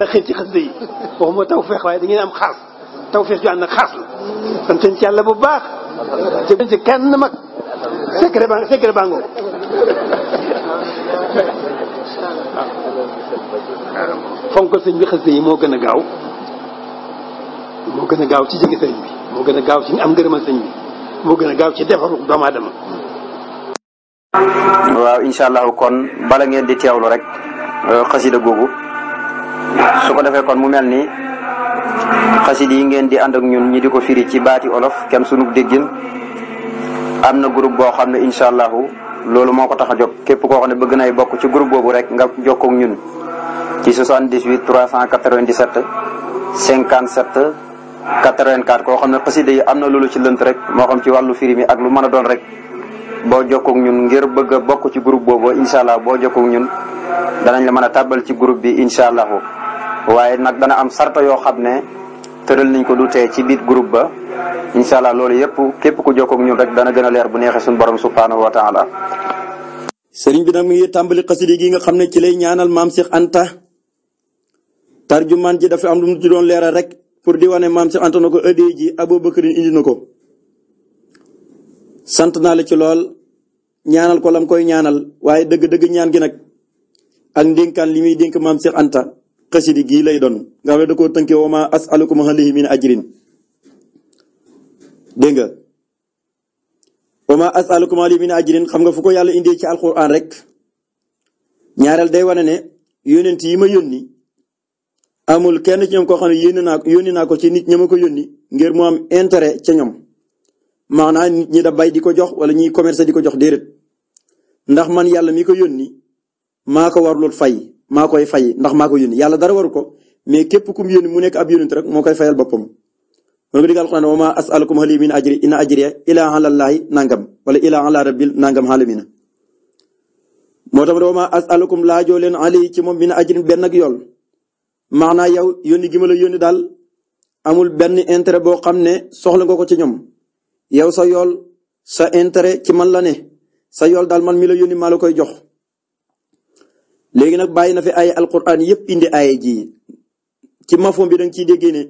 da moo ci xasida yi waxuma waaye da am xaas tawfeex ju ànd ak xaas la santañ ci bu baax jëgën ci kenn mag secret ba secret sëñ bi xasida yi moo gën a gaaw moo gën a gaaw ci jege sëñ bi moo gën a gaaw ci am ngërëmal sëñ bi moo gën a gaaw ci defaru doomu aadama waaw incha allahu kon bala ngeen di teewlu rek euh, xasida googu su ko defee kon mu mel ni xasid yi ngeen di ànd ak ñun ñi di ko firi ci baati olof kenn sunu déggin am na groupe boo xam ne incha allahu loolu moo ko tax a jóg képp koo xam ne bëgg nay bokk ci groupe boobu rek nga jokkoog ñun ci 78 397 57 84 koo xam ne xasida yi am na loolu ci lënt rek moo xam ci wàllu firi mi ak lu mën a doon rek boo jokkoog ñun ngir bëgg a bokk ci groupe boobu incha allah boo jokkoog ñun danañ la mën a tàbbal ci groupe bi incha allahu waaye nag dana am sarta yoo xam ne tëral nañ ko du tee ci biir groupe ba incha allah loolu yëpp képp ku jokkoo ak ñun rek dana gën a leer bu neexee suñu borom subhaanahu wa taala sëriñ bi nag mi ngi tàmbali xasida gi nga xam ne ci lay ñaanal maam Cheikh Anta tarjumaan ji dafa am lu mu ci doon leeral rek pour di wane maam Cheikh Anta na ko ëddee ji Aboubacarine indi na ko. sant naa la ci lool ñaanal ko lam koy ñaanal waaye dëgg-dëgg ñaan gi nag ak ndénkaan li muy dénk maam Cheikh Anta. xasidi gii lay doon nga xam ne da koo tënkee wa ma asalukum alayhi min ajrin dégg nga wa ma asalukum alayhi min ajrin xam nga fu ko yàlla indee ci alquran rek ñaareel day wane ne yónent yi ma yónni amul kenn ci ñoom koo xam ne yónni naa yónni naa ko ci nit ñi ma ko yónni ngir mu am intérêt ca ñoom maanaam nit ñi da bay di ko jox wala ñuy commerce di ko jox déedéet ndax man yàlla mi ko yónni maa ko warlul fay maa koy fay ndax maa ko yàlla dara waru ko mais képp ku mu yónni mu nekk ab yónnit rek moo koy fayal boppam loolu nga digal alxuraan wa maa as'alukum alayhi min ajri in ajriya illaa alaa llaahi nangam wala illaa alaa rabbil nangam aalamiina moo tax wa maa as'alukum laajoo leen alayhi ci moom min ajrin benn ak yool maanaa yow yónni gi ma la daal amul benn intérêt boo xam ne soxla nga ko ci ñoom yow sa yool sa intérêt ci man la ne sa yool daal man mi la yónni maa la koy jox léegi nag bàyyi na fi ay alquran yëpp indi ay ji ci mafom bi danga ciy déggee ne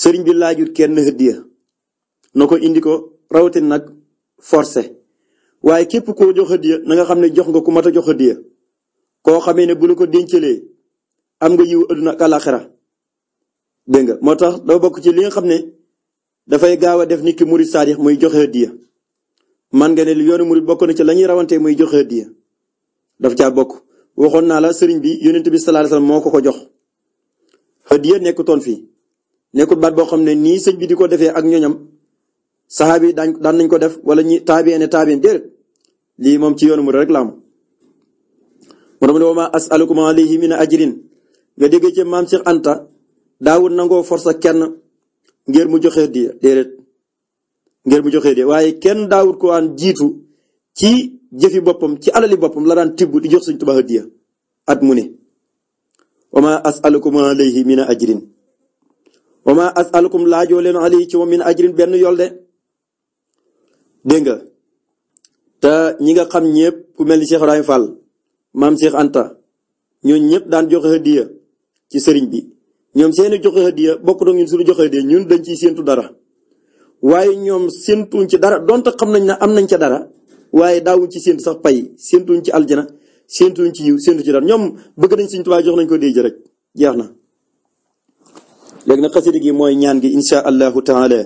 sëriñ bi laajut kenn hëddiya na ko indi ko rawatin nag forcé waaye képp koo jox hëddiya na nga xam ne jox nga ku mat a jox hëddiya koo xamee ne bu la ko déncalee am nga yiw adduna ak alaxira dégg nga moo tax dafa bokk ci li nga xam ne dafay gaaw a def nit ki muri saadix mooy joxe hëddiya man nga ne li yoonu murid bokk na ci la ñuy rawante mooy joxe hëddiya daf caa bokk waxoon naa la sëriñ bi yonent bi sallallahu alayhi moo ko ko jox hadiya nekkutoon fii nekkul baat boo xam ne nii sëñ bi di ko defee ak ñoñam saxaabi yi daan daan nañ ko def wala ñi taabiyeen taabiyeen déedéet lii moom ci yoonu mu rek la am mu ne wa ma as'alukum alayhi nga déggee ci maam Cheikh Anta daawul nangoo force kenn ngir mu joxe hadiya déedéet mu joxe hadiya waaye kenn daawul ko waan jiitu ci jëfi boppam ci alali boppam la daan tibb di jox sëñ Tuubaa hadiya at mu ne wa ma asalukum alayhi min ajrin wa ma asalukum laajoo leen alayhi ci moom min ajrin benn yool de dégg nga te ñi nga xam ñëpp ku mel ni Cheikh Ibrahima maam Cheikh Anta ñooñu ñëpp daan joxe hadiya ci sëriñ bi ñoom seeni joxe hadiya bokk na ñun suñu joxe hadiya ñun dañ ci séentu dara waaye ñoom séentuñ ci dara donte xam nañ ne am nañ ca dara waaye daawuñ ci séentu sax pay séentuñ ci aljana séentuñ ci yiw séentu ci dara ñoom bëgg nañ Sëriñ waa jox nañ ko déej rek jeex na léegi nag xasida gi mooy ñaan gi insha allahu taala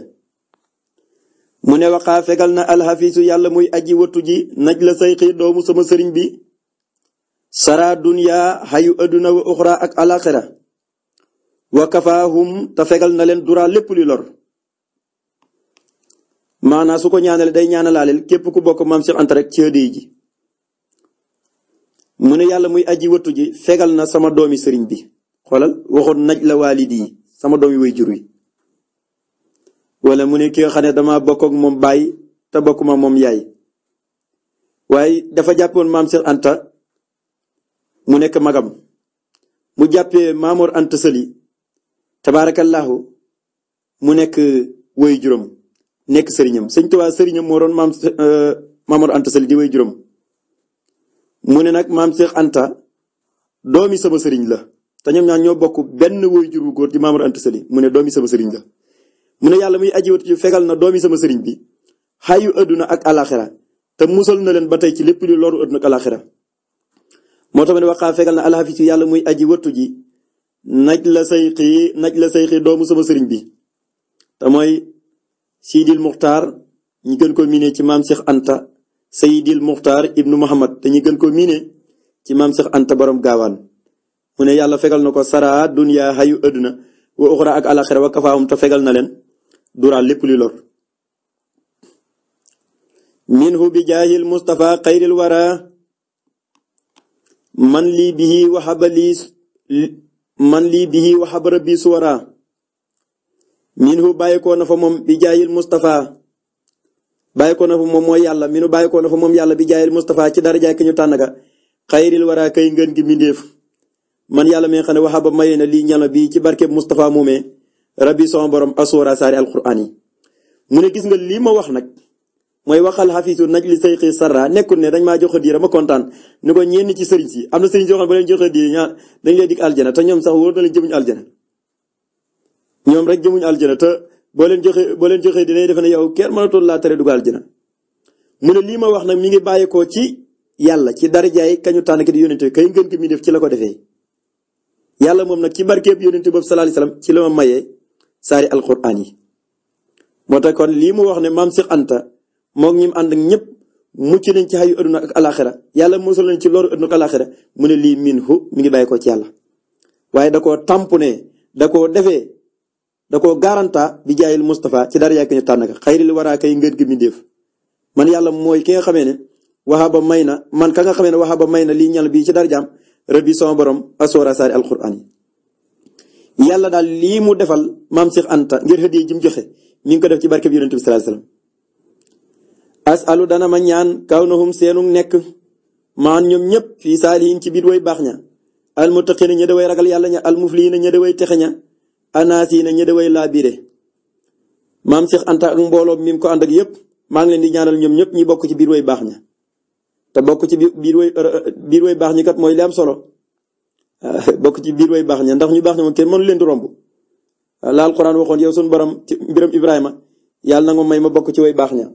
mu ne waxaa fegal na alxafiisu yàlla muy aji watu ji naj la sayxi doomu sama sëriñ bi sara dunya xayu adduna wa uxra ak alaxira wa kafaahum te fegal na leen dura lépp li lor maanaam su ko ñaanalee day ñaanalaaleel képp ku bokk maam Cheikh Anta rek ci hadiya ji mu ne yàlla muy aji wattu ji fegal na sama doomi sëriñ bi xoolal waxoon naj la waalidi sama doom yi way jur wi wala mu ne ki nga xam ne dama bokk ak moom baay te bokkuma moom yaay waaye dafa jàppoon mam Cheikh Anta mu nekk magam mu jàppee Maamoor Anta Sali tabaarakallaahu mu nekk way juróom nekk sëriñam sëñ Tuubaa sëriñam moo doon maam euh, Maamor Anta Sali di way juróom mu ne nag maam Cheikh Anta doomi sama sëriñ la te ñoom ñaar ñoo bokk benn way jur góor di Maamor Anta Sali mu ne doomi sama sëriñ la mu ne yàlla muy aji wat ci fegal na doomi sama sëriñ bi xayu adduna ak alaxira te musal na leen ba tey ci lépp lu loru adduna ak moo tax ne waxaa fegal na alxafi ci yàlla muy aji wattu ji naj la say xii la say doomu sama sëriñ bi te mooy Sidil Muxtaar ñi gën ko miine ci maam Cheikh Anta Sayidil Muxtaar ibnu Muhammad te ñi gën ko miine ci maam Cheikh Anta borom gaawaan mu ne yàlla fegal na ko saraa hayu adduna wa uxra ak alaxira wa kafaahum te fegal na leen duraal lépp li lor minhu bi jaahil Mustafa wara man lii bihi waxaba lii man lii minhu bàyyikoo na fa moom bi jaayil Moustapha bàyyikoo na fa moom mooy yàlla minhu bàyyikoo na fa moom yàlla bi jaayil Moustapha ci daraja ki ñu tànn ka xayril wara kay ngën gi mbindeef man yàlla mi nga xam ne waxaaba may na lii ñala bi ci barkeb Moustapha muumee rabbi sama borom asura saari alquran yi mu ne gis nga lii ma wax nag mooy waxal xafiisu naj li sayxi sarra nekkul ne dañ maa jox diira ma kontaan ni ko ñenn ci sëriñ si am na sëriñ si yoo xam ba leen jox diira dañ lay dig te ñoom sax wóor na leen jëmuñ aljana ñoom rek jëmuñu aljina te boo leen joxee boo leen joxee dinañ defe ne yow kenn mënatul laa tere dugg aljana mu ne lii ma wax na mi ngi bàyyeekoo ci yàlla ci darajaay kañu tànn ki di yónente kay ngeen ki mi def ci la ko defee yàlla moom nag ci barkeeb yónente boobu sallallahu alayhi ci la ma mayee saari alquran moo tax kon lii mu wax ne maam Cheikh Anta moog ñi ànd ak ñëpp mucc nañ ci xayu aduna ak alaxira yàlla musal nañ ci loru aduna mu ne lii minhu mi ngi bàyyi ko ci yàlla waaye da koo tampu ne da koo defee da koo garanta bi jaayil Moustapha ci dara yàkk ñu tànn ka xayril waraa kay ngeen gi mbindéef man yàlla mooy ki nga xamee ne waxaaba may na man ka nga xamee ne waxaaba may na lii ñal bii ci darjaam rëbbi sama borom asoora saari alquran yi yàlla daal lii mu defal maam Cheikh Anta ngir hëddiye ji joxe mi ngi ko def ci barke bi yonent bi sallallahu alayhi wasallam asalu dana ma ñaan kaw nahum seenu nekk maan ñoom ñëpp fii saalihin ci biir way baax ña almuttaqina ña da way ragal yàlla ña almuflihina ña da way texe ña anaas yi na ña daway laabire maam Cheikh Anta ak mbooloo mi ko ànd ak yëpp maa ngi leen di ñaanal ñoom ñëpp ñi bokk ci biir way baax ña te bokk ci biir way er, er, biir way baax ñi kat mooy li am solo bokk ci biir way baax ña ndax ñu baax ña moom kenn mënu leen di romb la alquran waxoon yow suñu borom ci mbiram Ibrahima yàlla na nga may ma bokk ci way baax ña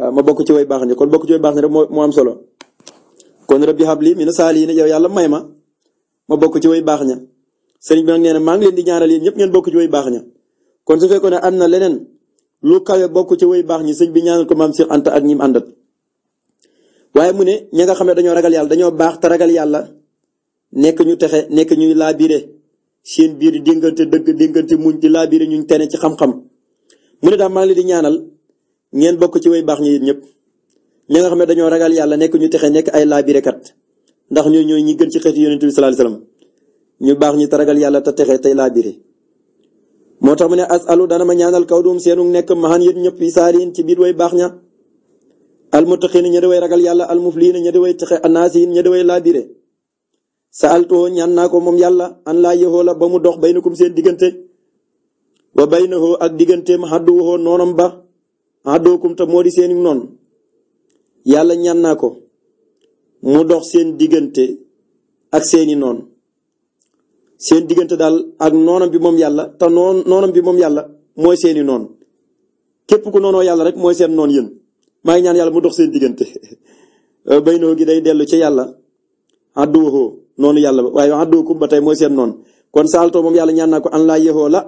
ah, ma bokk ci way baax ña kon bokk ci way baax ña rek moo am solo kon rabbi habli mina saalihiin yow yàlla may ma ma bokk ci way baax ña sëriñ bi nag nee na maa ngi leen di ñaanal yéen ñëpp ngeen bokk ci way baax ña kon su fekkoon ne am na leneen lu kawe bokk ci way baax ñi sëñ bi ñaanal ko maam Cheikh Anta ak ñi mu àndat waaye mu ne ñi nga xam ne dañoo ragal yàlla dañoo baax te yàlla nekk ñu texe nekk ñuy laabire seen biir déngante dëgg déngante muñ di laabire ñuñ tene ci xam mu ne daal maa di ñaanal ngeen bokk ci baax ñi yéen ñëpp ñi nga xam ne dañoo ragal yàlla nekk ñu texe nekk ay laabirekat ndax ñoo ñooy ñi gën ci xeeti yonent bi sallallahu alayhi ñu baax ñi taragal yàlla te texe tey laa biri moo tax mu ne asalu dana ma ñaanal kaw duum seenu nekk maxaan yéen ñëpp yi saaliin ci biir way baax ña almuttaqiina ña di way ragal yàlla almufliina ña di way texe annaasiin ña di way laa bire saaltuhoo ñaan naa ko moom yàlla an laa yëxoo la ba mu dox baynakum seen diggante wa baynahoo ak diggante digganteem xadduwoo noonam ba xaddookum te moo di seeni noon yàlla ñaan naa ko mu dox seen diggante ak seeni noon seen diggante daal ak noonam bi moom yàlla te noon noonam bi moom yàlla mooy seeni noon képp ku noonoo yàlla rek mooy seen noon yéen maa ngi ñaan yàlla mu dox seen diggante euh, baynoo gi day dellu ci yàlla adduwoo noonu yàlla ba waaye adduwakum ba tey mooy seen noon kon saaltoo moom yàlla ñaan naa ko an laa yexoo la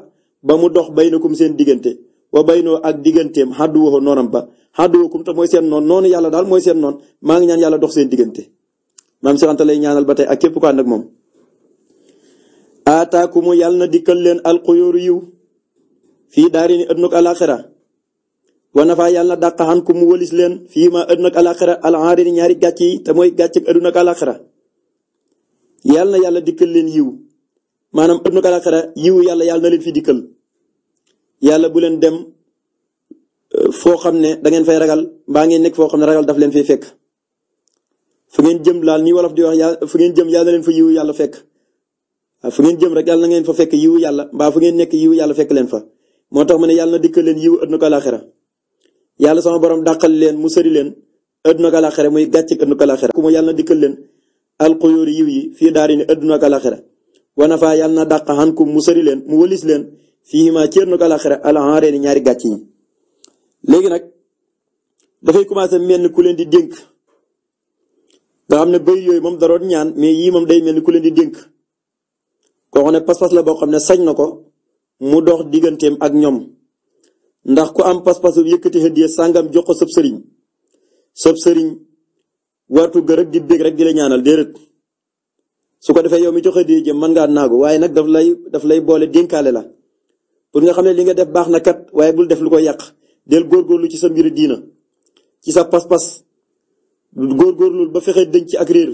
ba mu dox baynakum seen diggante wa baynoo ak digganteem adduwoo noonam ba adduwakum te mooy seen noon noonu yàlla daal mooy seen noon maa ngi ñaan yàlla dox seen diggante maam si wante lay ñaanal ba tey ak képp ku ànd ak aataakumu yàlla na dikkal leen alxuyóoru yiw fii daari ni ëddnag alaxira wanafaa yàlla na dàq xan ku mu wëlis leen fii ma ëddnag alaxira alxaari ni ñaari gàcc yi te mooy gàcc ak ëddnag alaxira yàlla na yàlla leen yiw maanaam ëddnag alaxira yiw yàlla yàlla na leen fi dikkal yàlla bu leen dem euh, foo xam ne da ngeen fay ragal mbaa ngeen nekk foo xam ne ragal daf leen fay fekk fu ngeen jëm laal ni wolof di wax fu ngeen jëm yàlla na leen fa yiw yàlla fekk fu ngeen jëm rek yàlla na ngeen fa fekk yiwu yàlla mbaa fu ngeen nekk yiwu yàlla fekk leen fa moo tax ma ne yàlla na dikkal leen yiwu ëdduna ko alaxira yàlla sama borom dàqal leen mu sëri leen ëdduna ko alaxira muy gàcce ëdduna ko alaxira ku ma yàlla na dikkal leen alxuyóori yi fii daari ne wana faa yàlla na dàq xankum mu sëri leen mu wëlis leen fii ma ci ëdduna ko alaxira alaxare ni ñaari gàcce yi léegi nag dafay commencé mel ni ku leen di dénk nga xam ne bëy yooyu moom daroon ñaan mais yii moom day mel ni ku leen di dénk kooku ne pas-pas la boo xam ne sañ na ko mu dox digganteem ak ñoom ndax ku am pas-pasu yëkkati hëddiya sàngam jox ko sëb sëriñ sëb sëriñ wartu gë rek di bég rek di la ñaanal déedéet su ko defee yow mi jox hëddiya jëm mën ngaa naagu waaye nag daf lay daf lay boole dénkaale la pour nga xam ne li nga def baax na kat waaye bul def lu ko yàq del góorgóorlu ci sa mbiri diina ci sa pas-pas góorgóorlu ba fexe dëñ ci ak réer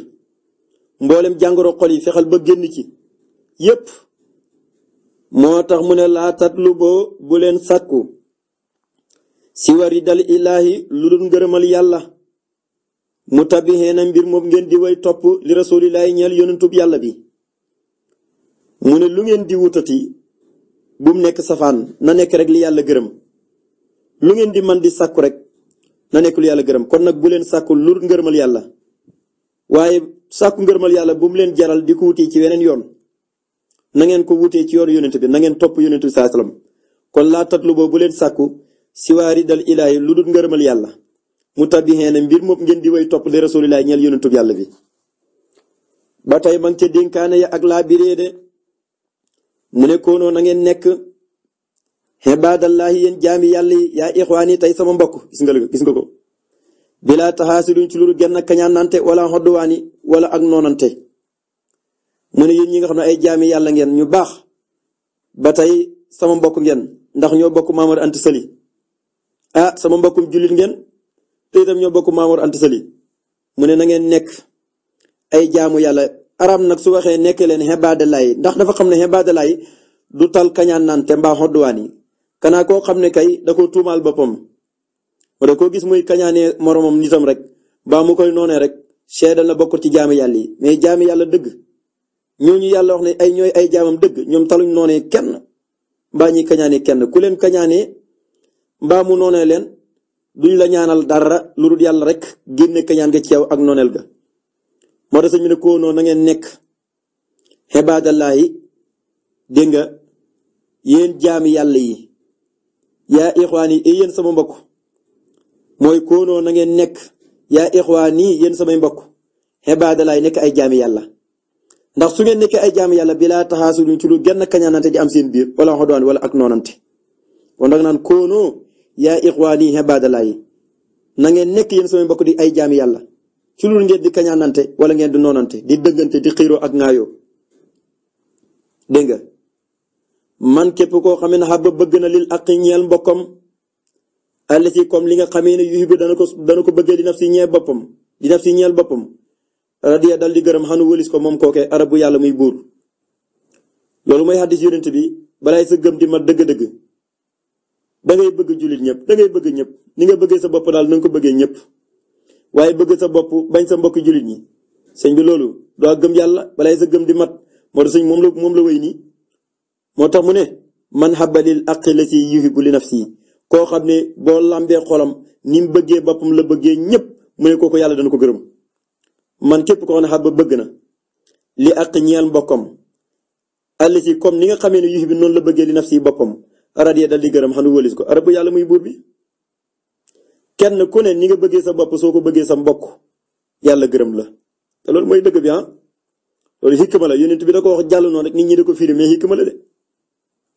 mboolem jàngoro xol yi fexal ba génn ci yépp moo tax mu ne laa tatluboo bu leen sàkku si wari dal ilaahi lu dul ngërëmal yàlla mu tabixee na mbir moom ngeen di way topp li rasuulillaahi ñeel yonentub yàlla bi mu ne lu ngeen di wutati bum nekk safaan na nekk rek li yàlla gërëm lu ngeen di man di sàkku rek na nekk lu yàlla gërëm kon nag bu leen sàkku lu ngërëmal yàlla waaye sàkku ngërëmal yàlla bu mu leen jaral di ko wuti ci weneen yoon na ngeen ko wutee ci yoon yonent bi na ngeen topp yonent bi saa salaam kon laa tatlu boo bu leen sàkku siwaari dal ilaahi lu dul ngërëmal yàlla mu tabixee ne mbir moom ngeen di way topp li rasulilaay ñeel yonentu yàlla bi ba tey ma ngi ca dénkaane ya ak laa de mu ne koonoo na ngeen nekk xibaadallaahi yéen jaami yàlla yi yaa ixwaani tey sama mbokk gis nga gis nga ko bilaa taxaasi luñ ci lu genn kañaanante wala xodduwaani wala ak noonante mu ne yéen ñi nga xam ne ay jaami yàlla ngeen ñu baax ba tey sama mbokk ngeen ndax ñoo bokk Maamor Anta Sali ah sama mbokkum julit ngeen te itam ñoo bokk Maamor Anta Sali mu ne na ngeen nekk ay jaamu yàlla arab nag su waxee nekk leen xebaadalaay ndax dafa xam ne xebaadalaay du tal kañaan naan te mbaa xodduwaan yi kanaa koo xam ne kay da ko tuumaal boppam wala koo gis muy kañaanee moromam nitam rek baa mu koy noonee rek seedal na bokkul ci jaami yàlla yi mais jaami yàlla dëgg ñooñu yàlla wax ne ay ñooy ay jaamam dëgg ñoom taluñ noonee kenn mbaa kañaan yi kenn ku leen kañaanee mbaa mu noonee leen duñ la ñaanal dara lu dul yàlla rek génne kañaan ga ci yaw ak nooneel ga moo tax sëñ bi ne koo noonu na ngeen nekk xibaadallaahi dégg nga yéen jaami yàlla yi yaa ixwaan yi sama mbokk mooy koo noonu ngeen nekk yaa ixwaan yi yéen samay mbokk xibaadallaahi nekk ay jaami yàlla ndax su ngeen nekkee ay jaam yàlla bilaa laa taxaasu luñ ci lu genn kañaanante ji am seen biir wala xodoon wala ak noonante kon da nga naan koonoo yaa ixwaani ibaadalaa yi na ngeen nekk yéen samay mbokk di ay jaam yàlla ci lu ngeen di kañaanante wala ngeen di noonante di dëggante di xiiroo ak ŋaayoo dégg nga man képp koo xam ne xaba bëgg na lil ak ñeel mbokkam àll ci comme li nga xamee ne yuhibu dana ko dana ko bëggee di naf si ñeel boppam di naf si ñeel boppam radiya dal di gërëm xanu wëlis ko moom kooke arabu yàlla muy buur loolu mooy xaddis yonent bi balaay sa gëm di mat dëgg-dëgg da ngay bëgg jullit ñëpp da bëgg ñëpp ni nga bëggee sa bopp daal na nga ko bëggee ñëpp waaye bëgg sa bopp bañ sa mbokk jullit ñi sëñ bi loolu doo gëm yàlla balaay sa gëm di mat moo tax sëñ moom la moom la wéy nii moo tax mu ne man xabalil aqi la si yuhibu li nafsi koo xam ne boo làmbee xolam ni mu bëggee boppam la bëggee ñëpp mu ne kooku yàlla dana ko gërëm man képp ko xam ne ba bëgg na li ak ñeel mbokkam allati comme ni nga xamee ne yuhibbu noonu la bëggee li nafsi boppam radiya dal di gërëm xam ne wëlis ko arabu yàlla muy buur bi kenn ku ne ni nga bëggee sa bopp soo ko bëggee sa mbokk yàlla gërëm la te loolu mooy dëgg bi ah loolu xikma bi da ko wax jàll noonu nit ñi da ko firi mais xikma la de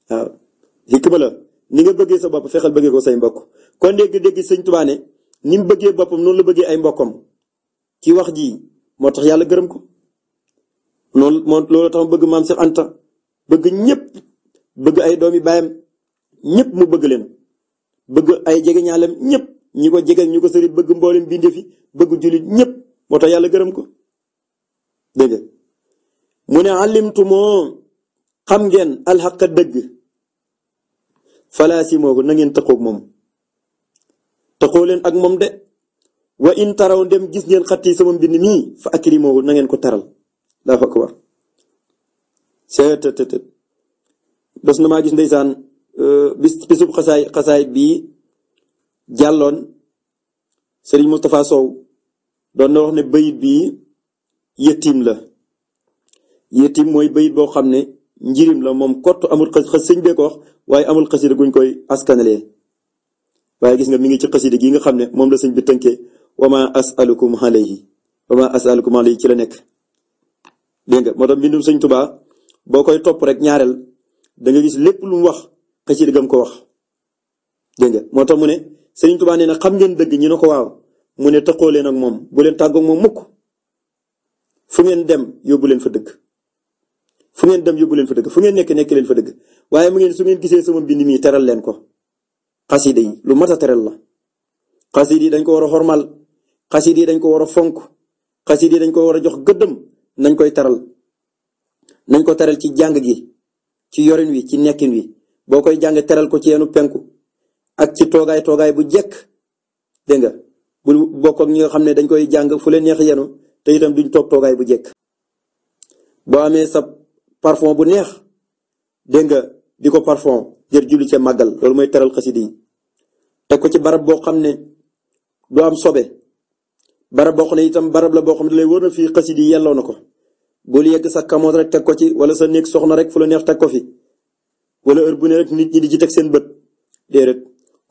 waaw xikma la ni nga bëggee sa bopp fexeel bëggee ko say kon dégg-dégg sëñ Tuubaa ni mu bëggee boppam noonu la bëggee ay mbokkam ci wax ji moo tax yàlla gërëm ko noonu moo loolu tax bëgg maam Anta bëgg ñëpp bëgg ay doomi baayam ñëpp mu bëgg leen bëgg ay jege ñaaleem ñëpp ñi ko jege ñu ko sëri bëgg mboolem bindee fi bëgg jullit ñëpp moo tax yàlla gërëm ko dégg nga mu ne alimtumoo xam ngeen alxaqa dëgg falaasi moo ko na ngeen moom taqoo leen ak moom de wa in taraw dem gis ngeen xatti sama mbind mii fa akrimoo na ngeen ko teral daa fa ko war seetet dos na maa gis ndeysaan euh, bis bisub xasaay xasaay bii jàlloon Serigne Moustapha Sow doon na wax ne bayit bi yëttim la yëttim mooy bayit boo xam ne njirim la moom kott amul xas xas sëñ bee ko wax waaye amul xasida guñ koy askanalee waaye gis nga mi ngi ci xasida gi nga xam ne moom la sëñ bi tënkee wa ma asalukum alayhi wa ma asalukum alayhi ci la nekk dégg nga moo tax mbindum sëñ Tuubaa boo koy topp rek ñaareel da gis lépp lu mu wax xasida gam ko wax dégg nga moo tax mu ne sëñ Tuubaa nee na xam ngeen dëgg ñu ne ko waaw mu ne taqoo leen moom bu leen tàggoog moom mukk fu ngeen dem yóbbu leen fa dëgg fu ngeen dem yóbbu leen fa dëgg fu ngeen nekk nekk leen fa dëgg waaye mu ngeen su ngeen gisee sama mbind mi teral leen ko xasida yi lu mat a teral la xasida dañ ko war a xormal xasida yi dañ ko war a fonk xasida yi dañ ko war a jox gëddëm nañ koy taral nañ ko teral ci jàng gi ci yorin wi ci nekkin wi boo koy jàng teral ko ci yenu penku ak ci toogaay toogaay bu jekk dégg nga bu bokk ak ñi nga xam ne dañ koy jàng fule neex yenu te itam duñ toog bu jekk boo amee sa parfum bu neex dégg nga di ko parfum jër julli ce màggal loolu mooy teral xasida yi teg ko ci barab boo xam ne du am sobe barab boo xam ne itam barab la boo xam ne lay wër na fii xasida yi yelloo na ko bul yegg sa kamoot rek teg ko ci wala sa néeg soxna rek fu la neex teg ko fi wala heure bu ne rek nit ñi di ci teg seen bët déedéet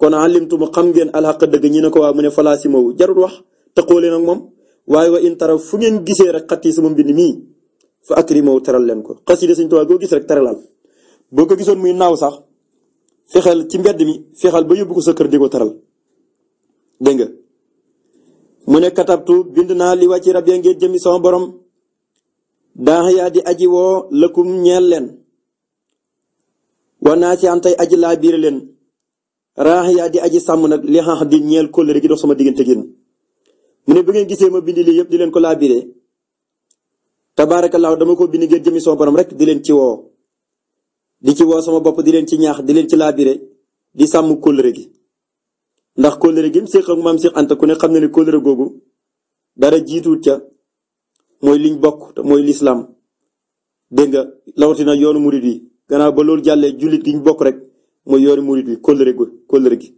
kon alimtum xam ngeen alxaq dëgg ñi ne ko waa mu ne falaasi moowu jarul wax taqoo leen ak moom waaye wa in taraw fu ngeen gisee rek xat yi sama mbind mii fa akrimaw teral leen ko xasida Sëñ Tuubaa goo gis rek teralal boo ko gisoon muy naaw sax fexeel ci mbedd mi fexeel ba yóbbu sa kër di nga mu ne katabtu bind naa li wàcci rabia ngeen jëmi sama borom daax yaa di aji woo lëkkum ñeel leen war naa si an tey aji laa biir leen raax yaa di aji sàmm na li xaax di ñeel kóllëre gi dox sama diggante génn mu ne ngeen gisee ma bind li yëpp di leen ko laa biire tabaarakallaahu dama ko bind ngeen jëmi sama borom rek di leen ci woo di ci woo sama bopp di leen ci ñaax di leen ci laa biire di sàmm kóllëre gi ndax kóllëre gi mu séq Anta ku ne xam na ne kóllëre googu dara jiituwut ca mooy liñ bokk te mooy lislaam dégg nga na yoonu murit yi gannaaw ba loolu jàllee jullit gi ñu bokk rek mooy yoonu murit yi kóllëre gu gi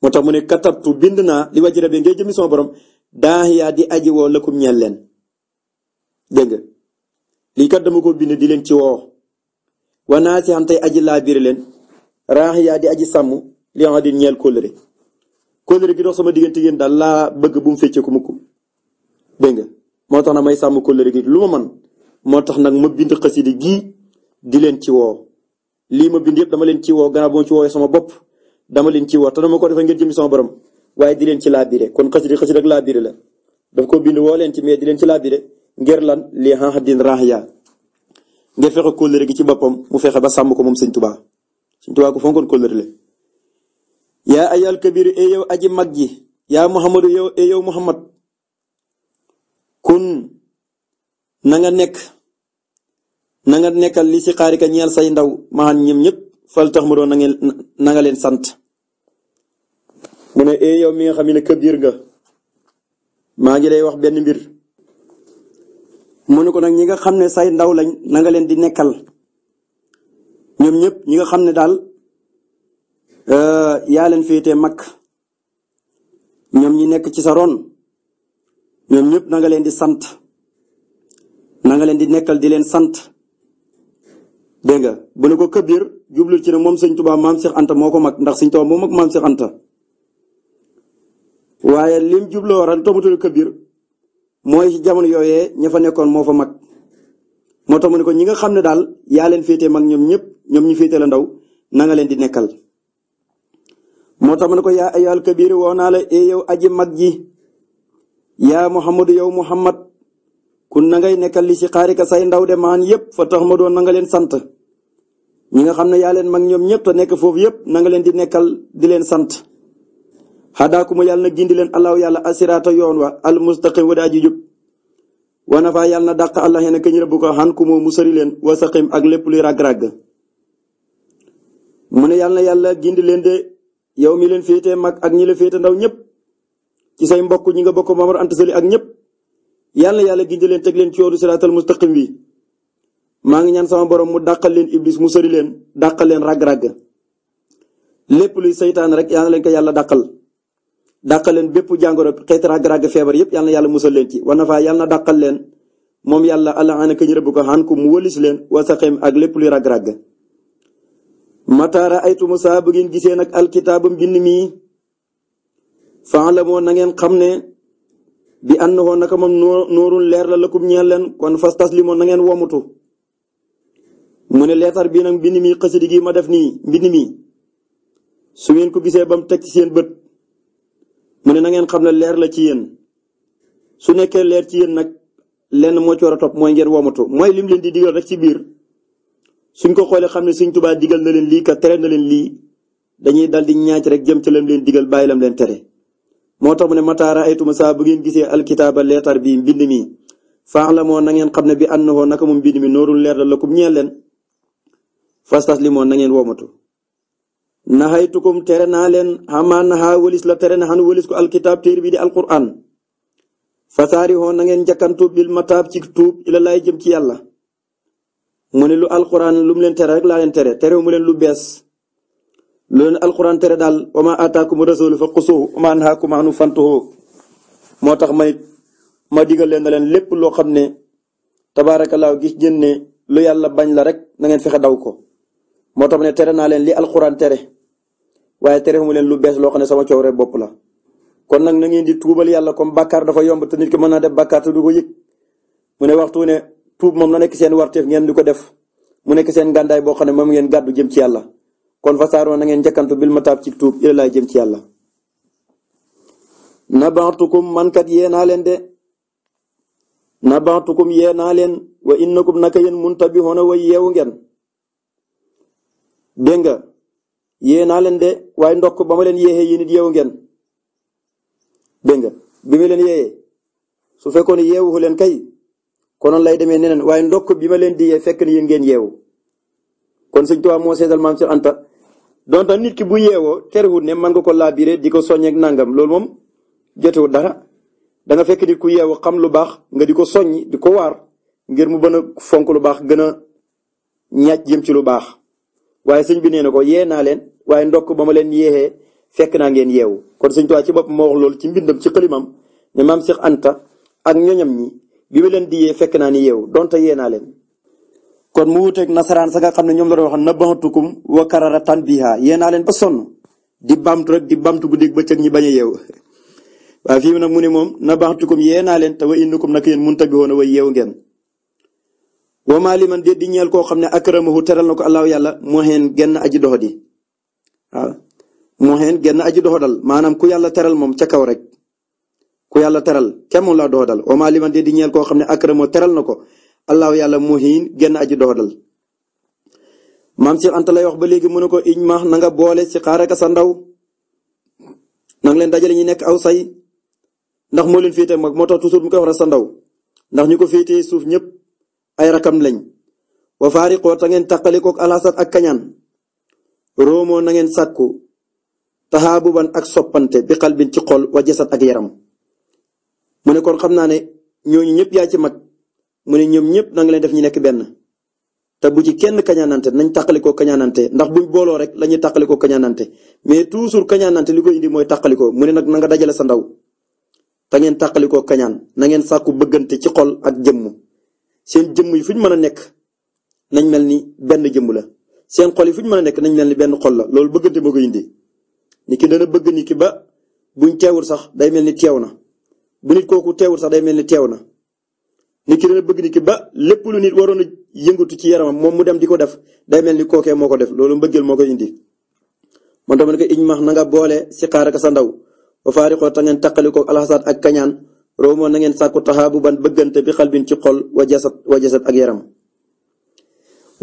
moo tax mu ne katabtu bind naa li wàjji rabee ngay jëmi sama borom daa yaa di aji woo lakum ñeel leen dégg nga lii kat dama ko bind di leen ci woo wanaa si xam tey aji laa biir leen raax yaa di aji sàmm li nga xam di ñeel kóllëre kóllëre gi dox sama diggante yéen daal laa bëgg bu mu feccee ko mukk dégg nga moo tax nag may sàmm kóllëre gi lu ma man moo tax nag ma bind xasida gii di leen ci woo lii ma bind yëpp dama leen ci woo gannaaw bu ci woowee sama bopp dama leen ci woo te dama ko defee ngeen jëmi sama borom waaye di leen ci laabire kon xasida xasida laa laabire la daf ko bind woo leen ci mais di leen ci laa laabire ngir lan li xanxa din raxya ngir fexe kóllëre gi ci boppam mu fexe ba sàmm ko moom sëñ tubaa sëñ tubaa ko fonkoon kóllëre yaa ayal kabiru e aji mag ji yaa muhammadu yow e yow muhammad kun na nga nekk na nekkal li si xaarika ñeel say ndaw maxan ñoom ñëpp fal tax mu leen sant mu ne e yow mi nga xam ne kabir nga maa ngi lay wax benn mbir mu ne ko nag ñi nga xam ne say ndaw lañ nanga leen di nekkal ñoom ñëpp ñi nga xam ne daal Euh, yaa leen féetee mag ñoom ñi nekk ci sa ron ñoom ñëpp nanga leen di sant nanga leen di nekkal di leen sant dégg nga bu ne ko Kabir jublul ci ne moom sëñ Tuubaa maam Cheikh Anta moo ko mag ndax sëñ Tuubaa moo mag maam Cheikh Anta waaye lim jubloo waral tomatul Kabir mooy jamono yooye ña fa nekkoon moo fa mag. moo tax mu ne ko ñi nga xam ne daal yaa leen féetee mag ñoom ñëpp ñoom ñu féetee la ndaw nanga leen di nekkal. moo tax ma ne ko yaa ayyuhal kabiir woo naa e yow aji mag ji yaa muhammadu yow muhammad kun na ngay nekkal li si xaarika say ndaw de maan yëpp fa tax ma doon na leen sant ñi nga xam ne yaa leen mag ñoom ñëpp te nekk foofu yëpp nanga leen di nekkal di leen sant xadaakuma yàlla na gindi leen allahu yàlla asiraata yoon wa al mustaqim wa daaji jub wa nafa yàlla na dàq allah yéen a këñ rëbb leen wa saqim ak lépp luy rag-rag mu gindi leen de yow mi leen féetee mag ak ñi la féete ndaw ñëpp ci say mbokk ñi nga bokk Maamar Anta Sali ak ñëpp yàlla yàlla gindi leen teg leen ci yoonu siraatal mustaqim wi maa ngi ñaan sama borom mu dàqal leen iblis mu sori leen dàqal leen rag-rag lépp luy saytaan rek yàlla leen ko yàlla dàqal dàqal leen bépp jàngoro xeeti rag-rag feebar yëpp yàlla na yàlla musal leen ci wana faa yàlla na dàqal leen moom yàlla ala ana kañ rëbb ko xaan ku mu wëlis leen wasaqeem ak lépp luy rag-rag mataara aytumu saa bu ngeen gisee nag alkitaabu mbind mii faalamoo na ngeen xam ne bi na naka moom noorun leer la lëkkum ñeen leen kon fas taslimoo na ngeen womutu mu ne leetar bii nag mbind mii xasidi gi ma def nii mbind mii su ngeen ko gisee ba mu teg ci seen bët mu ne na ngeen xam ne leer la ci yéen su nekkee leer ci yéen nag lenn moo ci war a topp mooy ngeen womutu mooy lim leen di digal rek ci biir suñ ko xoolee xam ne sëñ tubaa digal na leen lii ka tere na leen lii dañuy dal di ñaac rek jëm ci lam leen digal bàyyi lam leen tere moo tax mu ne mataara aytuma saa bu ngeen gisee alkitaaba leetar bi mbind mi faax la moo na ngeen xam ne bi ànd na naka mu mbind mi noorul leer la lakum ñeel leen fastas li moo na ngeen woomatu naxaytukum tere naa leen xamaa naxaa wëlis la tere na xan wëlis ko alkitaab téer bi di alquran fasaari hoo na ngeen jakkantu bil mataab ci tuub ila laay jëm ci yàlla mu ne lu alquran lu mu leen tere rek laa leen tere terew mu leen lu bees lu leen alquran tere daal wa ma ataakum rasulu fa xusuhu wa ma anhaakum anhu fantuhu moo tax may ma digal leen na leen lépp loo xam ne tabaarakallaahu gis ngeen ne lu yàlla bañ la rek na ngeen fexe daw ko moo tax ne tere naa leen li alquran tere waaye terew mu leen lu bees loo xam ne sama coowre bopp la kon nag na ngeen di tuubal yàlla comme bàkkaar dafa yomb te nit ki mën naa def bàkkaar te du tuub moom na nekk seen warteef ngeen di ko def mu nekk seen gàndaay boo xam ne moom ngeen gàddu jëm ci yàlla kon fasaaroo na ngeen njëkkantu bil mataab ci tuub ilalaay jëm ci yàlla nabaatukum man kat yee naa leen de nabaatukum yee naa leen wa innakum naka yéen muntabihoona way yeewu ngeen dégg nga yee naa leen de waaye ndok ba ma leen yeexee yéen yeewu ngeen dégg nga bi su fekkoon yeewuhu leen kay konoon lay demee neneen waaye ndokk bi ma leen di yee fekk na yéen ngeen yeewu kon sëñ Tuubaa moo seetal maam Cheikh Anta ta nit ki bu yeewoo terewul ne mën nga ko laabiré di ko soññeek nangam loolu moom jotewul dara da nga fekk nit ku yeewu xam lu baax nga di ko soññi di ko waar ngir mu bën a fonk lu baax gën na ñaaj jëm ci lu baax waaye sëñ bi nee na ko yee naa leen waaye ndokk ba ma leen yeexee fekk naa ngeen yeewu kon sëñ Tuubaa ci bopp moo loolu ci mbindam ci xëlimam ne maam Cheikh Anta ak ñoñam ñi bi ma leen di yee fekk naa ni yeewu donte yee leen. kon mu teg nasaraan sa nga xam ne ñoom la doon wax nabaxatukum wa karara tanbiha yee naa leen ba son di bamtu rek di bamtu guddi bëccëg ñi bañ a yeewu. waaye fii nag mu ne moom nabaxatukum yee naa leen te wa innakum mun yéen muntabihoona way yeewu ngeen. wa ma liman di ñeel koo xam ne akramahu teral na ko allahu yàlla moo xeen genn aji doxadi waaw moo xeen genn aji doxadal maanaam ku yàlla teral moom ca kaw rek. ku yàlla teral kemu la doodal wa maa liman de di ñeel koo xam ne o teral na ko allahu yàlla muhin genn aji doodal maam si anta lay wax ba léegi mu ne ko iñ ma na nga boole si xaaraka sa ndaw nang leen dajale ñi nekk aw say ndax moo leen féete mag moo tax toujours mu koy wax sa ndaw ndax ñu ko féetee suuf ñëpp ay rakam lañ wa faariqoo ta ngeen tàqalikook alxasad ak kañaan roomoo na ngeen sàkku taxaabuban ak soppante bi xalbin ci xol wa jasad ak yaram mu ne kon xam naa ne ñooñu ñëpp yaa ci mag mu ne ñoom ñëpp na nga leen def ñu nekk benn te bu ci kenn kañaanante nañ tàqalikoo kañaanante ndax buñ booloo rek la ñuy tàqalikoo kañaanante mais toujours kañaanante li ko indi mooy tàqalikoo mu ne nag na nga dajale sa ndaw te ngeen tàqalikoo kañaan na ngeen sàkku bëggante ci xol ak jëmm seen jëmm yi fu ñu mën a nekk nañ mel ni benn jëmm la seen xol yi fu ñu mën a nekk nañ mel ni benn xool la loolu bëggante moo ko indi nit ki dana bëgg nit ki ba buñ teewul sax day mel ni teew na bu nit kooku teewul sax day mel ni teew na ni ki dana bëgg nit ki ba lépp lu nit waroon a yëngatu ci yarama moom mu dem di ko def day mel ni kookee moo ko def loolu mbëggeel moo koy indi. man dama ne ko max na nga boole si xaar sa ndaw ba faari xool ta ngeen taqali ko alxasaat ak kañaan roo moo na ngeen sàkku taxaa bu ban bëggante bi xalbin ci xol wa jasad wa ak yaram.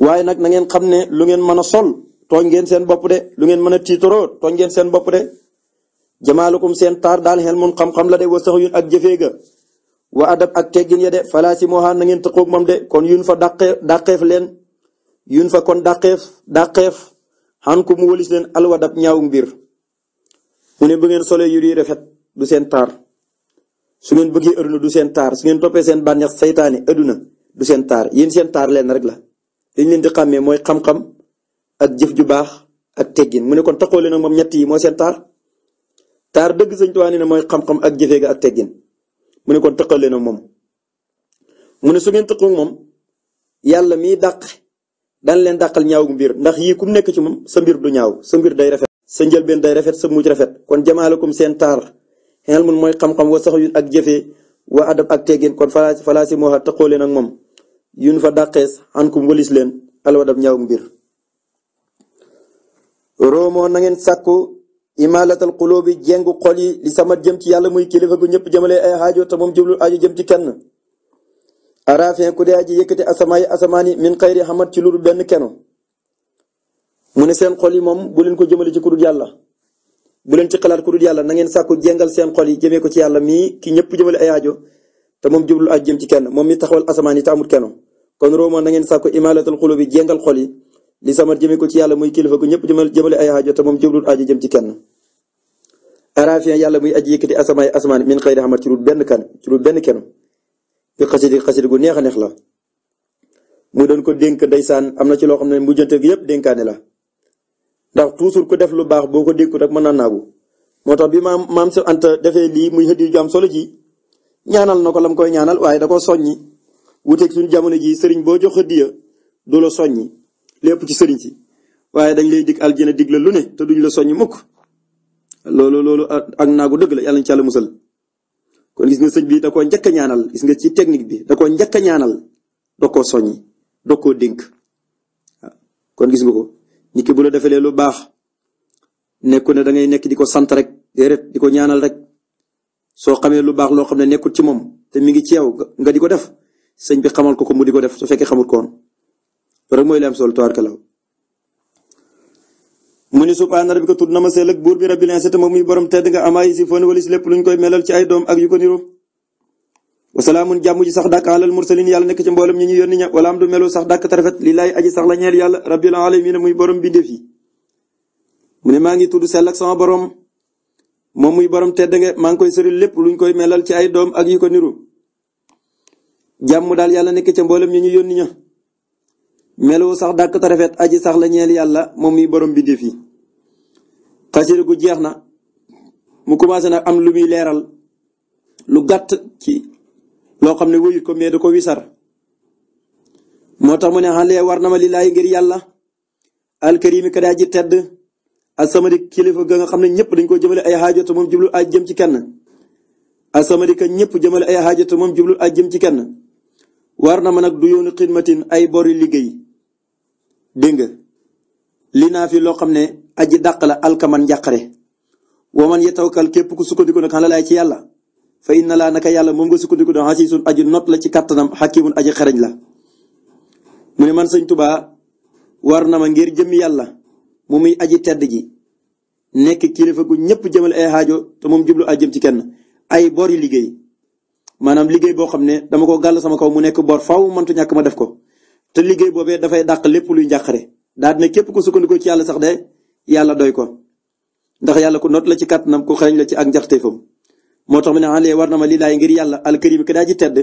waaye nag na ngeen xam ne lu ngeen mën a sol toog ngeen seen bopp de lu ngeen mën a tiitoroo tooñ ngeen seen bopp de. jamaalukum seen taar daal xel moom xam-xam la de wa sax yun ak jëfee ga wa adab ak teggin ya de falaa si mooxaa na ngeen tëqoog moom de kon yun fa dàqee dàqeef leen yun fa kon dàqeef dàqeef xan ku mu wëlis leen ñaaw mbir mu ne bu ngeen solee yu rafet du seen taar su ngeen bëggee aduna du seen taar su ngeen toppee seen bànneex seytaane aduna du seen taar yéen seen taar leen rek la dañ leen di xàmmee mooy xam-xam ak jëf ju baax ak teggin mu ne kon taxoo leen ak moom ñett yi moo seen taar dëgg sëñ Tuubaa nee mooy xam-xam ak jëfee ga ak teggin mu ne kon tëqal leen moom mu ne su ngeen tëqoo moom yàlla miy dàq daan leen dàqal ñaawu mbir ndax yii ku mu nekk ci moom sa mbir du ñaaw sa mbir day rafet sa njëlbeen day rafet sa mujj rafet kon jamaalakum seen taar xel mun mooy xam-xam wa sax ak jëfee wa adab ak teggin kon falaa falaa si moo xa tëqoo leen moom yun fa dàqees ankum walis leen alwadab ñaawu mbir roomoo na ngeen imalatal qulubi jengu xol yi li samat jëm ci yàlla muy kilifa gu ñëpp jëmale ay aajo te moom jëmlu aajo jëm ci kenn arafin ku dee aji yëkkati asamaa yi asamaan yi min xayri xamat ci luru benn keno mu ne seen xol yi moom bu leen ko jëmale ci kudul yàlla bu leen ci xalaat kudul yàlla na ngeen sàkku jengal seen xol yi jëmee ko ci yàlla mii ki ñëpp jëmale ay aajo te moom jëmlu aajo jëm ci kenn moom mi taxawal asamaan yi te amul keno kon rooma na ngeen sàkku imalatal qulubi jengal xol yi li samat jëmee ko ci yàlla muy kilifa gu ñëpp jëmale ay aajo te moom jëmlu aajo jëm ci kenn arafin yàlla muy aji yëkkati asamaay asmaan min xëy xamat ci lu benn kan ci lu benn kenn bi xasidi xasidi gu neex a neex la mu doon ko dénk ndeysaan am na ci loo xam ne mujjante gi yëpp dénkaane la ndax toujours ko def lu baax boo ko dénkut rek mën naa naagu moo tax bi maam maam si anta defee lii muy xëddi ju am solo ji ñaanal na ko lam koy ñaanal waaye da ko soññi wuteeg suñu jamono ji sëriñ boo jox xëddiya du soñ soññi lépp ci sëriñ si waaye dañ lay dig aljana dig la lu ne te loolu loolu ak naagu dëgg la yàlla na ci yàlla musal kon gis nga sëñ bi da koo njëkk a ñaanal gis nga ci technique bi da koo njëkk ñaanal doo koo soññi doo koo dénk kon gis nga ko nit ki bu la lu baax nekku ne da ngay nekk di ko sant rek déedéet di ko ñaanal rek soo xamee lu baax loo xam ne nekkul ci moom te mu ngi ci yow nga di ko def sëñ bi xamal ko ko mu di ko def su fekkee xamul koon rek mooy li sol solo kalaw mu ni subhaana rabbika tudd na ma seel ak buur bi rabbil izzati moom muy borom tedd nga amaay si foon walis lépp luñ koy melal ci ay doom ak yu ko niroo jàmm ji sax dàkk alal mursalin yàlla nekk ci mboolem ñi ñu yónni ña wala am du melo sax dàkk tarafet lillaay aji borom bindéef yi mu ne maa ngi tudd sell ak sama borom moom muy borom tedd nga maa ngi koy sori lépp luñ koy melal ci doom ak yu ko niru jàmm daal yàlla nekk ca mboolem ñi ñu yónni ña melo sax dàkk te rafet aji sax la ñeel yàlla moom mi borom bi def yi xasida gu jeex na mu commencé nag am lu muy leeral lu gàtt ci loo xam ne wëyut ko mais ko wisar moo tax mu ne xale war na ma lilaay ngir yàlla alkarimi ka daa ji tedd asamadi kilifa ga nga xam ne ñëpp dañ ko jëmale ay xaajatu moom jublu aj jëm ci kenn asamadi ka ñëpp jëmale ay xaajatu moom jublu aj jëm ci kenn war na ma nag du yoonu xidmatin ay bori liggéey dégg nga lii naa fi loo xam ne aji daq la alkaman man njàqare waman yatawakkal képp ku sukkandiku nag xanaa laay ci yàlla fa na laa naka yàlla moom nga sukkandiku nag xasiisun aji not la ci kàttanam xakiimun aji xereñ la mu ne man sëñ Tuubaa war na ma ngir jëmmi yàlla mu muy aji tedd ji nekk kilifa gu ñëpp jëmal ay xaajo te moom jublu ay jëm ci kenn ay bor yi liggéey maanaam liggéey boo xam ne dama ko gall sama kaw mu nekk bor faaw mëntu ñàkk ma def ko te liggéey boobe dafay dàq lépp luy njàqare daad dina képp ku sukkandiku ci yàlla sax de yàlla doy ko ndax yàlla ku not la ci kàttanam ko xarañ la ci ak njaxteefam moo tax mu ne alee war na ma lii laay ngir yàlla alkarim ka daa ji tedd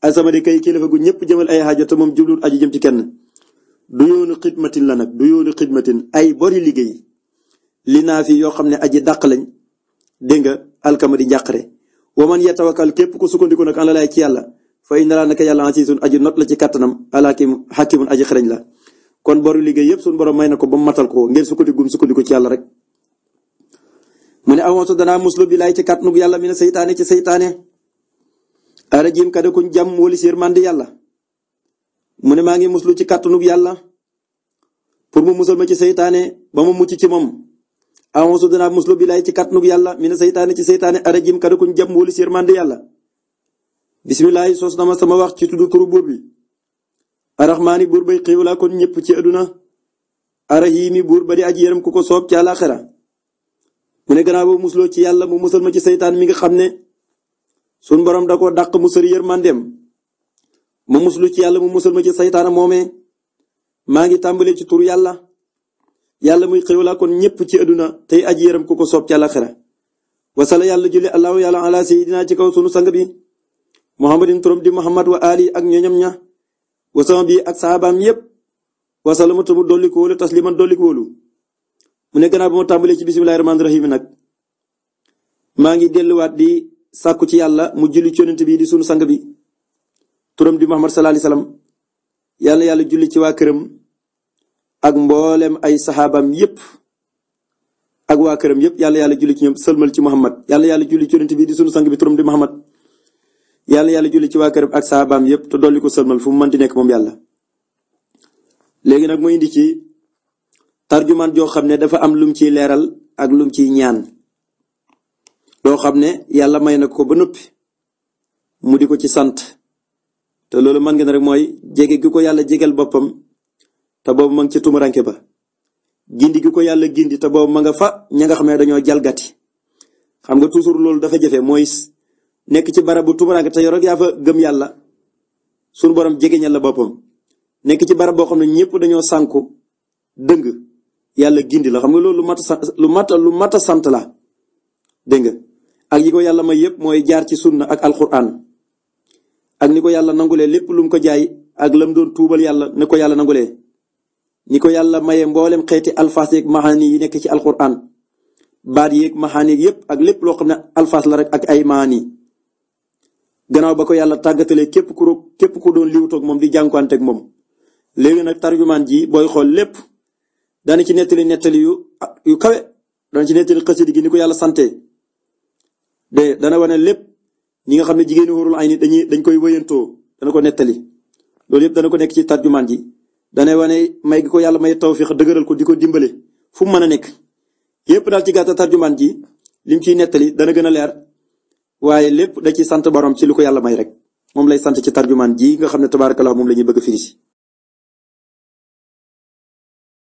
asamadi kay kilifa gu ñëpp jëmal ay xaajo moom jubluwul aju jëm ci kenn du yoonu xidmatin la nag du yoonu xidmatin ay bori liggéey li naa fi yoo xam ne aji daq lañ dégg nga alkama di njàqare waman yatawakkal képp ku sukkandiku nag ala ci yàlla fa inna laa naka yàlla asiisun aji not la ci kàttanam alaakim xakimun aji xereñ la kon boru liggéey yëpp suñu borom may na ko ba mu matal ko ngir sukkandiku sukkandiku ci yàlla rek mu ne awoon so danaa bi laay ci kàttanug yàlla mi ne seytaane ci seytaane arajim kada kuñ yàlla mu ne maa ngi muslu ci kàttanug yàlla pour mu musal ma ci seytaane ba ma mucc ci moom awoon so danaa muslu bi ci kàttanug yàlla mi ne seytaane ci seytaane arajim kada kuñ jàmm wala si yërmande yàlla bismillaahi sos na ma sama wax ci tuddu turu buur bi arrahmaani buur bay xiiwalaa kon ñëpp ci àdduna arrahiimi buur ba di aji yërëm ku ko soob ci àllaaxira mu ne gannaaw boobu ci yàlla mu musal ma ci seytaan mi nga xam ne sun borom da ko dàq mu sëri yërmandeem ma muslu ci yàlla mu musal ma ci seytaana moomee maa ngi tàmbalee ci turu yàlla yàlla muy xiiwalaa kon ñëpp ci àdduna tey aj yërëm ku ko soob ci àllaaxira wasala yàlla julli allahu yàlla ala sayidina ci kaw sunu sang bi muhammadin turam di muhammad wa ali ak ñoñam ña wa sama bi ak saabaam yépp wasa la salama tumu dolli ko wóolu tasliman dolli ko wóolu mu ne gannaaw bi ma tàmbalee ci bismillahi rahmaani rahim nag maa ngi delluwaat di sàkku ci yàlla mu julli ci yonent bi di sunu sang bi turam di muhammad sallallahu alayhi wasallam yàlla yàlla julli ci waa këram ak mboolem ay saxaabam yépp ak waa këram yépp yàlla yàlla julli ci ñoom sëlmal ci muhammad yàlla yàlla julli ci yonent bi di sunu sang yàlla yàlla julli ci waa këram ak saabaam yëpp te dolli ko sëlmal fu mu mënti nekk moom yàlla. léegi nag mu indi ci tarjumaan joo xam ne dafa am lum ciy leeral ak lum ciy ñaan loo xam ne yàlla may na ko ba noppi mu di ko ci sant te loolu mën ngeen rek mooy jege gi ko yàlla jegeel boppam te boobu ma ngi ci tumuranke ba gindi gi ko yàlla gindi te boobu ma nga fa ña nga xam ne dañoo jalgati xam nga toujours loolu dafa jafe mooy nekk ci barab bu tubaranke te yow rek yaa fa gëm yàlla suñu borom jegeñal la boppam nekk ci barab boo xam ne ñëpp dañoo sànku dëng yàlla gindi la xam nga loolu lu lu mata lu mat a sant la dégg nga ak yi ko yàlla may yëpp mooy jaar ci sunna ak alquran ak ni ko yàlla nangulee lépp lu mu ko jaay ak lam doon tuubal yàlla ne ko yàlla nangulee ni ko yàlla mayee mboolem xeeti alfaas yeeg maxaani yi nekk ci alquran baat yeeg maxaani yëpp ak lépp loo xam ne alfaas la rek ak ay maani gannaaw ba ko yàlla tàggatalee képp ku képp ku doon liwutoog moom di jànkuwanteeg moom léegi nag tarjumaan ji booy xool lépp dana ci nettali nettali yu yu kawe dana ci nettali xasida gi ni ko yàlla sante de dana wane lépp ñi nga xam ne jigéeni wóorul ay ni dañuy dañ koy wëyantoo dana ko nettali loolu yëpp dana ko nekk ci tarjumaan ji dana wane may gi ko yàlla may taw tawfiix dëgëral ko di ko dimbale fu mu mën a nekk yëpp dal ci gàtta tarjumaan ji lim ciy nettali dana gën a leer waaye lépp da ci sant borom ci lu ko may rek moom lay sant ci tarjumaan ji nga xam ne tabaarakallah moom la ñuy bëgg a firi si